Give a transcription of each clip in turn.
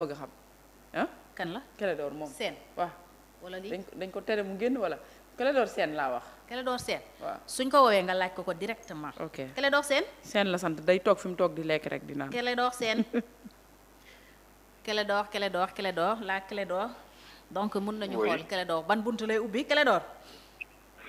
bëgg ah? kan la Clédor moom seen waaw. wala lii dañ ko tere mu génn wala Clédor seen laa wax. Clédor Sène. seen suñ ko woowee nga laaj ko ko directement. ok Clédor la sant day toog fi mu toog di lekk rek di naan. Clédor Sène. Clédor Clédor Clédor la Clédor donc mun nañu xool Clédor ban buntu lay ubbi Clédor.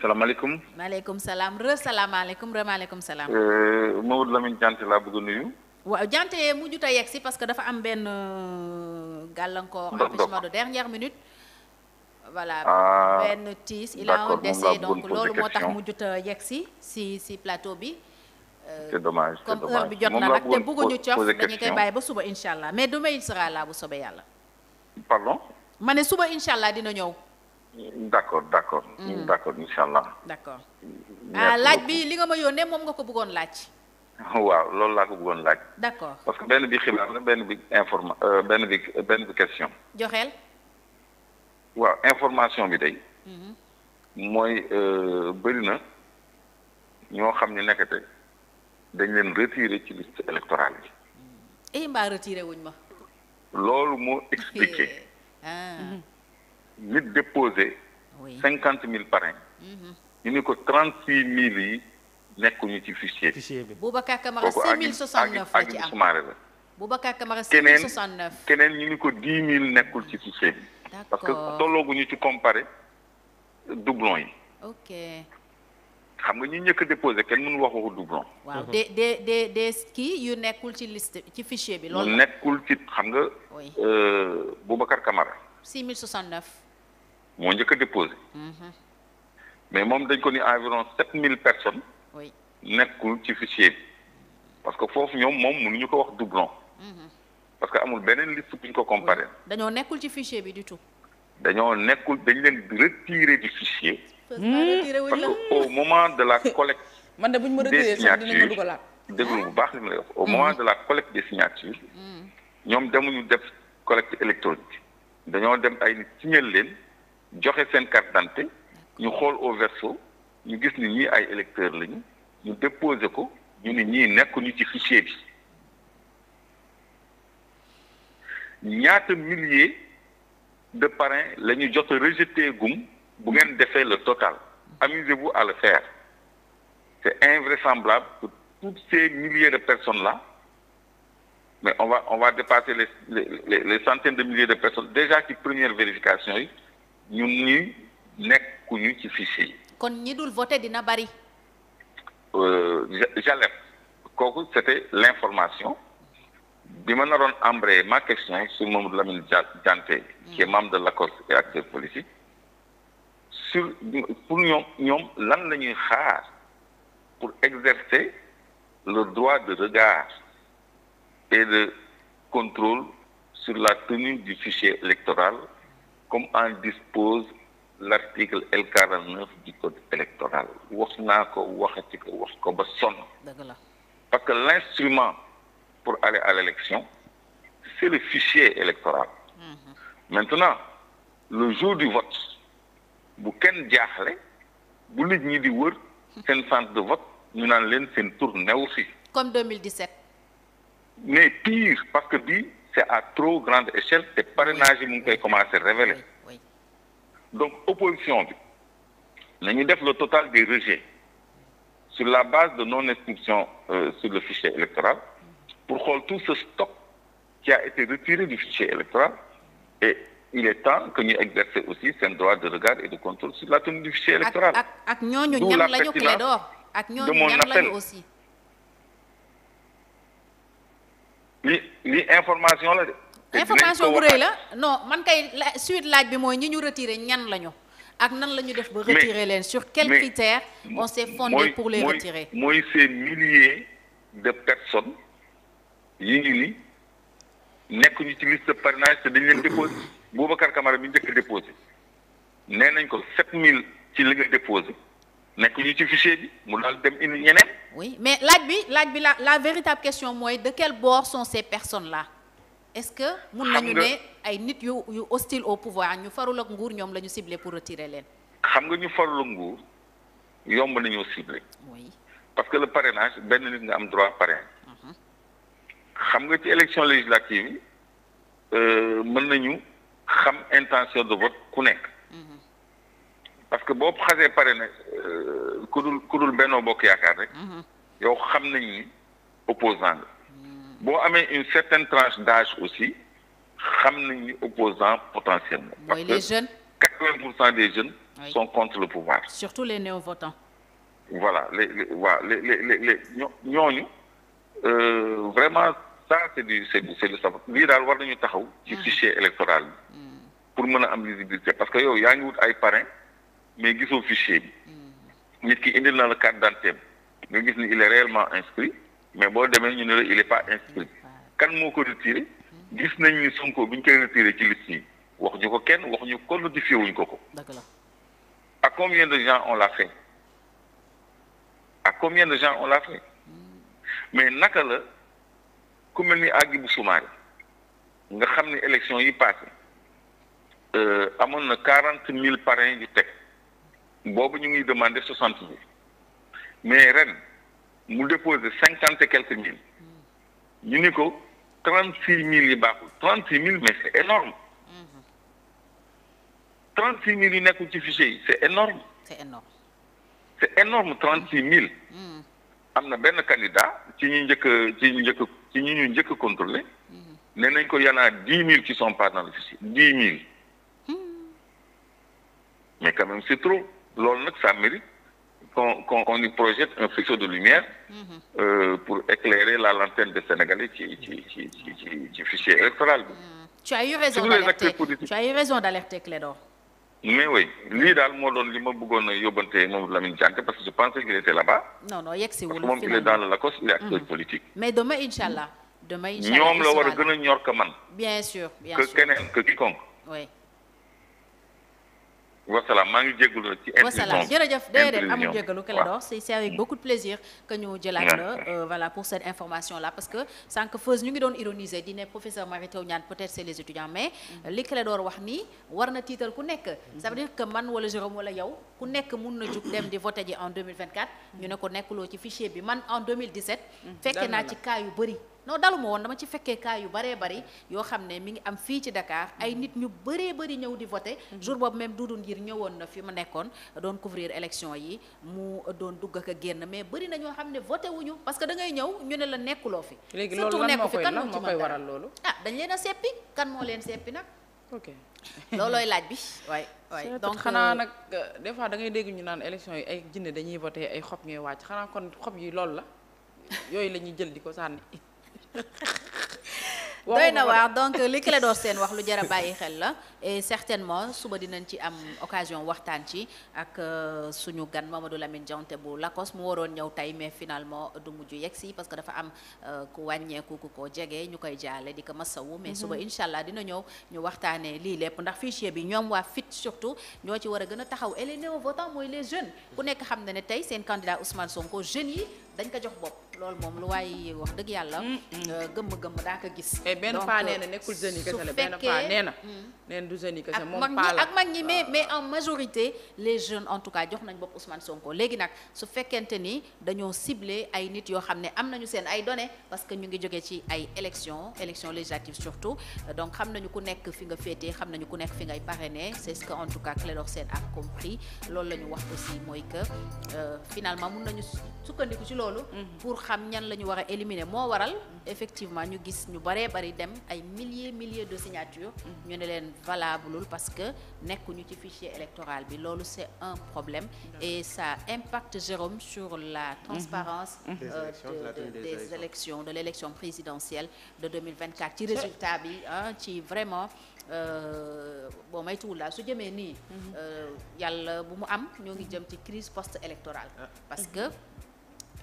salaamaaleykum. maaleykum salaam re salaamaaleykum re maaleykum salaam. Euh, Mamadou Lamine Diante laa bëgg nuyu. waaw jante mujjut a yegg si parce que dafa am benn euh, gàllankoor empêchement de dernière minute voilà ah, benn tiis il loolu moo tax mu a yegg si si si plateau bi euh, c'est dommage comme heure bi jot na nag te bëgguñu cof dañu koy bàyyi ba suba incha allah mais demain il sera là yàlla ma ne suba incha dina ñëw d'accord d'accord hmm. ah, laaj bi li nga ma yónnee moom nga ko bëggoon laaj waaw loolu laa ko bëggoon laaj. d'accord parce que benn bi xibaar la benn bi informa euh, benn bi benn bi question. joxeel. waaw information bi day. Mhm. mooy euh, bëri na ñoo xam ne nekkate dañ leen retiré ci liste électorale bi. Mm. eh mbaa retiré ma. loolu moo expliqué. Ah. Mhm. nit déposé. cinquante mille parrain. Mhm. ñu ni ko trente six mille yi. nekkuñu ci fichier bi. Boubacar Camara 5069 la ci am Boubacar Camara 5069 keneen keneen ñu ngi ko 10000 nekkul ci fichier bi. que tollooguñu ci comparé doublon yi. ok xam nga ñu njëkk a kenn mënu wax waxu doublon. waaw mhm. des des kii yu nekkul ci liste ci fichier bi. loolu nekkul ci xam nga. oui euh, Boubacar Camara. 6069. moo njëkk a mhm. mais moom dañ ko ni environ mille personnes. oui nekkul ci fichier bi parce que foofu ñoom moom mënuñu ko wax doublon. Mhm. parce que amul beneen liste bu ñu ko comparé. dañoo nekkul ci fichier bi du tout. dañoo nekkul dañ leen retiré du fichier. parce que au moment de la collecte. man de bu ñu ma retiré sax dinañ ma bu baax li ma lay wax au mhm. moment de la collecte des signatures. Mhm. ñoom demuñu def collecte électronique. dañoo dem ay nit signal leen joxe seen carte d'identité ñu xool au verso. ñu gis ni ñii ay électeurs lañu ñu déposé ko ñu ni ñii nekkuñu ci fichier bi ñaata milliers de parrains la ñu jot a rejeté gum bu ngeen defee le total amusez bu à le faire c'est invraisemblable que toutes ces milliers de personnes là mais on va on va dépasser les les les centaines de milliers de personnes déjà ci première vérification yi ñun ñi ñu ci fichier yi kon ñi dul voté dina bari. Euh, Jalep kooku c'était l'information bi ma naroon embrayer ma question sur Mamadou Lamine Dianté qui est membre de l'ACOS et acteur politique sur pour ñoom lan la ñuy xaar pour exercer le droit de regard et de contrôle sur la tenue du fichier électoral comme en dispose l'article L49 du code électoral wax naa ko waxati ko wax ko ba sonn parce que l'instrument pour aller à l'élection c'est le fichier électoral mhm. maintenant le jour du vote bu kenn jaaxle bu nit ñi di wër seen centre de vote ñu naan leen seen tour new si comme 2017 mais pire parce que bii c'est à trop grande échelle te parrainage yi mu ngi koy commencer révéler donc opposition bi nañu def le total des rejets sur la base de non inscription euh, sur le fichier électoral pour xool tout ce stock qui a été retiré du fichier électoral et il est temps que ñu exercer aussi seen droit de regard et de contrôle sur la tenue du fichier électoral. ak ak ñooñu ñan lañu Clédor ak ñooñu ñan lañu aussi. li li information la information bu la no man kay suite laaj bi mooy ñi ñu retiré ñan lañu ak nan la ñu def ba retirer leen sur quels critères on s'est fondé pour les retirer mooy ces milliers de personnes yi ngi ni nekk ñu ci liste de parrainage te dañ leen déposé Boubacar Camara bi njëkk déposé nee nañ ko sept mille ci li nga déposé nekk ñu ci fichier bi mu daal dem indi ñeneen oui mais laaj bi laaj bi la la véritable question mooy de quel bord sont ces personnes là est-ce que mun nañu ne ay nit yu yu hostile au pouvoir ñu farul ak nguur ñoom la ñu ciblé pour retirer leen. xam nga ñu farul ak nguur yomb nañoo ciblé. parce que le parrainage benn nit nga am droit parrain. Mhm. xam nga ci élection législative yi euh, mën nañu xam intention de vote ku nekk. Mhm. parce que boo xasee parrainé euh, ku dul ku dul Benno Bokk Yaakaar rek. Mhm. yow xam nañ opposant nga. boo amee une certaine tranche dage aussi xam nañ ni opposant potentiellement. mooy les jeunes parce que 80 pour cent des jeunes. Oui. contre le pouvoir. surtout les néo-votants. voilà le les waa le les les ñooñu euh, vraiment ça c'est du c'est du c'est du sabab lii daal war ñu taxaw. ci hmm. fichier électoral hmm. pour mën a am visibilité parce que yow yaa ngi wut ay parrain mais gisoo fichier bi. Hmm. nit ki indil na la carte d'identité nga gis ni il est réellement inscrit. mais boo demee ñu ne la il est pas inscrit kan moo ko retiré gis nañ ni Sonko bi ñu koy retiré ci liste yi wax ñu ko kenn wax ñu ko notifié wuñ ko ko. ak combien de gens on l'a fait à combien de gens on l'a fait mais naka la ku mel ni àggi bu sumaare nga xam ne élection yi passé euh, amoon na quarante mille parrains yu teg boobu ñu ngi demandé soixante mille mais ren. mu déposé cinquante et quelques milles ñu ni ko trente six mille yi baaxul trente six mille mais c'est énorme trente six mille yi nekkul ci fichier yi c'est énorme c'est énorme trente six mille am na benn candidat ci ñu njëkk ci ñu njëkk ci ñu ñu njëkk nañ ko yanaa dix mille qui sont pas dans le fichier dix mille hmm. mais quand même c'est trop loolu nag ça mérite qu'on qu'on qu'on y projette un faisceau de lumière mm-hmm. euh, pour éclairer la lanterne des Sénégalais ci fichier électoral mm. tu as eu raison d'alerter tu as eu mais oui lii daal moo doon li ma bëggoon a yóbbante moom Lamine Diack parce que je pensais qu'il était là-bas. non non yegg si wul dans le Lacoste il est acteur mm. mais demain incha demain incha allah la war a gën a ñor que man. bien sûr que keneen que quiconque. wasalaam maa ngi jégalu ci. wasalaam jërëjëf déedéet amul jégalu Clédor c'est avec beaucoup de plaisir que ñu jëlaat la euh, pour cette information là parce que sànq feuse ñu ngi doon ironiser di ne professeur Mary Teuw Niane peut-être c'est les étudiants mais mm. li Clédor wax nii war na tiital ku nekk mm. ça veut que man wala Jérôme wala yow ku nekk mun na jug dem di voter ji en 2024 mm. ñu ne ko nekkuloo ci fichier bi man en 2017 fekke naa ci cas yu bëri non daluma woon dama ci fekkee cas yu baree bari yoo xam ne mi ngi am fii ci Dakar ay nit ñu bëree bari ñëw di voter mhm. jour boobu même Doudou Ndir ñëwoon na fi ma nekkoon doon couvrir élection yi mu doon dugg ak génn mais bëri na ñoo xam ne voté wuñu parce que da ngay ñëw ñu ne la nekkuloo fi surtout nekku fi kan moo koy waral loolu ah dañ leen a seppi kan moo leen seppi nag ok loolooy laaj bi waaye waay donc xanaa euh, nag euh, des fois da ngay dégg ñu naan élection yi ay jinne dañuy voté ay xob ñooy wàcc xanaa kon xob yi loolu la yooyu la ñuy jël di ko sànni doy na waar donc euh, li Clédor seen wax lu jar bàyyi xel la e certainement suba dinañ ci am occasion waxtaan ci ak euh, suñu gan moom Mamadou Lamine Diante bu Lacos mu waroon ñëw tey mais finalement du mujj yegg si parce que dafa am euh, ku wàññeeku ku ko jege ñu koy jaale di ko masawu. mais suba mhm. incha allah dina ñëw ñu waxtaanee lii lépp ndax fichier bi ñoom waa FIT surtout ñoo ci war a gën a taxaw et les néo-votants mooy les jeunes. ku nekk xam na ne tey seen candidat Ousmane jeunes yi dañ ko jox bopp. loolu moom lu waaye wax dëgg yàlla. gëmm-gëmm euh, daa ko gis. Eh, donc benn paa nee na nekkul jeunes yi kese la benn paa mm. du jeunes yi kese en majorité les jeunes en tout cas jox nañ bopp Ousmane Sonko léegi nag su fekkente ni dañoo ciblé ay nit yoo xam ne am nañu seen ay données parce que ñu ngi jógee ci ay élections élections législatives surtout euh, donc xam nañu ku nekk fi nga féetee xam nañu ku nekk fi ngay parrainé c'est ce que en tout cas Clédor Sène a compris loolu la ñu wax aussi mooy que euh, finalement mun nañu sukkandiku ci loolu mm-hmm. xam ñan la ñu war a moo waral effectivement ñu gis ñu baree bari dem ay milliers milliers de signatures ñu ne leen valableul parce que nekkuñu ci fichier électoral bi loolu c'est un problème et ça impacte Jérôme sur la transparence mmh. euh, de, de, de, des élections de l'élection présidentielle de ci résultat bi ci vraiment euh, bon maytuwul laa su jëmee nii mhm. euh, yàlla bu mu am ñoo ngi jëm ci crise post électorale ah. parce mhm. que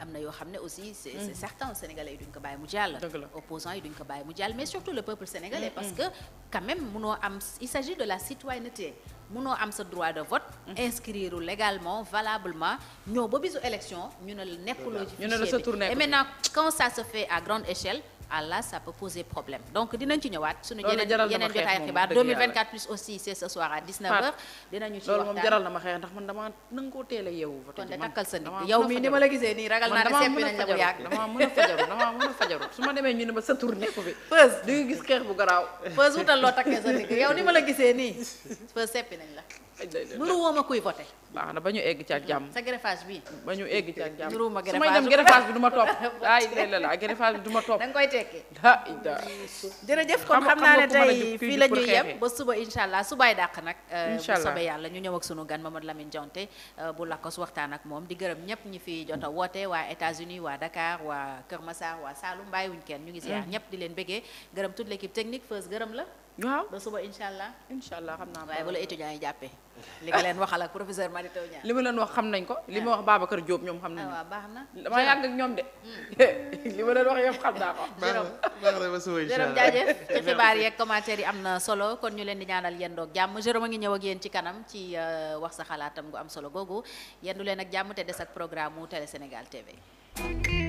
am na yoo xam ne aussi c'est c'est mm-hmm. certain sénégalais yi duñ ko bàyyi mu jàll opposants yi duñ ko bàyyi mu jàll mais surtout le peuple sénégalais parce mm-hmm. que quand même munoo am il s'agit de la citoyenneté munoo am sa droit de vote mm-hmm. inscrire légalement valablement ñëw ba bisu élection ñu ne la nekkuloo ci fichier bi et maintenant quand ça se fait à grande échelle àllah ça peut poser problème donc dinañ ci ñëwaat suñu yeneen jotaay xibaar plus aussi c'est soir à 19 dinañu ci waxtaan loolu moom jaral na ma xeex ndax man dama nangoo teel a yeewu kon de takkal sa ndigg yow ni ma la gisee nii ragal seppi nañ la a a fajaru nuru woo ma kuy voté ba ñu egg ca jàmm sa greffage bi ba ñu egg ca jàmm su may dem bi du topp ay lay la la greffage bi du topp tekki jërëjëf kon xam naa ne tey fii la ñuy yem ba suba incha allah subaay dàq nag euh, bu soobee yàlla ñu ñëw ak sunu gan ma Mamadou Lamine Jonte euh, bu su waxtaan ak moom di gërëm ñëpp ñi fi jot woote waa États-Unis waa dakaar waa Kër Massar waa Saloum bàyyiwuñ kenn ñu ngi ziar mm. ñëpp di leen bëggee gërëm toute l'équipe technique feuse gërëm la waaw ba suba incha allah. incha allah xam naa waaye bu la étudiants yi jàppee. li nga leen waxal ak professeur Mary Teuw Niane. li ma leen wax xam nañ ko li ma ah. wax Babacar Diop ñoom xam nañ ah, ko. waaw baax na dama yàgg ak ñoom de. Hmm. li ma leen wax yëpp xam naa ko. jërëm baax na ba yi am na solo kon ñu leen di ñaanal yéen jàmm jërëm a ngi ñëw ak ci kanam ci euh, wax sa xalaatam gu am solo boogu yendu leen ak jàmm te des ak programme mu Télé Sénégal TV